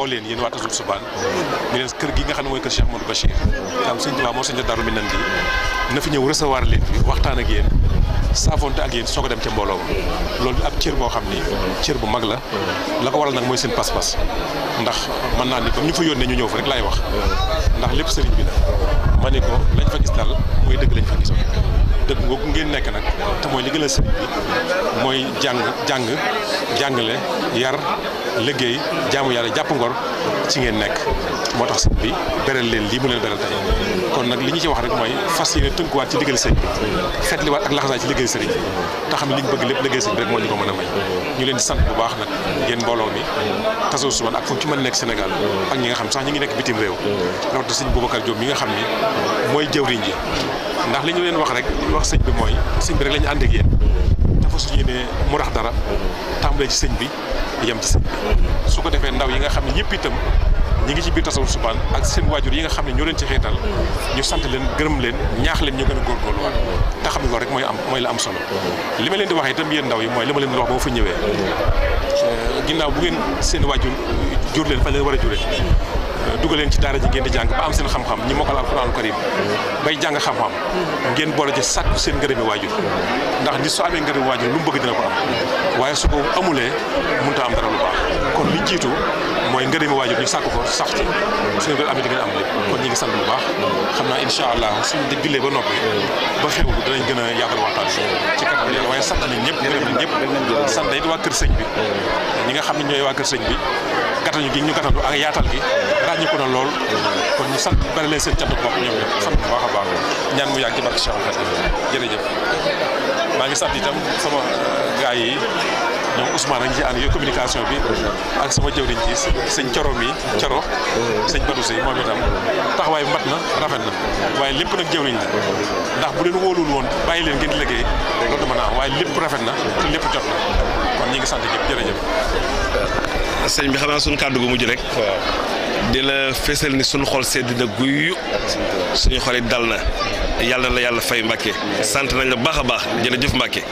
woo leen yéen waa gi nga xam ne mooy kër Cheikh Modou Bachir am sëñ Tuubaa moo sëñ Daaru Minaan gi na fi ñëw recevoir leen dem ca mbooloo ma loolu ab cër boo xam ni cër bu mag la la ko waral nag mooy seen pas-pas ndax mën naa ni comme ñu fa yónnee ñu ñëw fa rek laay wax ndax lépp sëriñ bi la ma ne ko lañ fa gis daal mooy dëgg lañ fa gis dëgg googu ngeen nekk nag te mooy li gën a sëriñ bi mooy jàng jàng jàngale yar liggéey jaamu yàlla jàpp ngor ci ngeen nekk moo tax sëñ bi beral leen lii mu leen beral tey kon nag li ñu ci wax rek mooy fas yéene tënkuwaat ci liggéey sëñ bi fetliwaat ak laxasaay ci liggéey sëriñ bi te xam li ñu bëgg lépp liggéey sëñ bi rek moo ñu ko mën a may ñu leen di sant bu baax nag yéen mbooloo mi tasoo suman ak fu ci mën nekk Sénégal ak ñi nga xam sax ñi ngi nekk bitim réew rawatina sëñ Boubacar Diop mi nga xam ni mooy jëwriñ ji ndax li ñu leen wax rek wax sëñ bi mooy sëñ bi rek la ñu ànd ak fas yéene mu rax dara tàmbalee ci sëñ bi yem ci sëñ bi su ko defee ndaw yi nga xam ne ñëpp itam ñi ngi ci biir tasawuf subaan ak seen waajur yi nga xam ne ñoo leen ci xeetal ñu sant leen gërëm leen ñaax leen ñu gën a góorgóorluwaat te xam ne loolu rek mooy am mooy la am solo li ma leen di wax itam yéen ndaw yi mooy li ma leen di wax ba ma fa ñëwee ginnaaw bu ngeen seen waajur jur leen fa leen war a juree dugal leen ci daara ji ngeen di jàng ba am seen xam-xam ñi mokkal alxuraanu karim bay jàng xam-xam ngeen boole ci sàkku seen ngërëmi waajur ndax nit su amee ngërëmi waajur lu mu bëgg dina ko am waaye su ko amulee mënta am dara lu baax kon li jiitu mooy ngërëmi waajur ñu sàkku ko sax ci suñu ko amee di ngeen am lépp kon ñi ngi sant bu baax xam naa incha allah suñu jullee ba noppi ba xewlu danañ gën a yaatal waxtaan ci kanam yàlla waaye ñëpp gërëm nañ ñëpp sant it waa kër bi ñi nga xam ne ñooy waa kër sëñ bi gàttañu gi ñu gàttandu ak yaatal gi wàññiku na lool kon ñu sant bari leen seen cant a baax ñaan mu yàgg ci barke maa ngi sant itam sama euh, gaay yi ñoom Ousmane ak ñi ànd yooyu sama jëwriñ ci sëñ Coro mi Coro sëñ Badou Sey moom itam taxawaay mat na rafet na waaye lépp nag jëwriñ la ndax bu leen wóolul woon bàyyi leen ngeen liggéey loolu dama naa waaye lépp rafet na te lépp jot na kon ñi ngi sant ñëpp jërëjëf sëñ bi xanaa suñ kàddu gu mujj rek di la fésal ni suñu xol sedd na guyu suñu xol dal na yàlla na la yàlla fay Mbàkke sant nañ la baax a baax jëf Mbàkke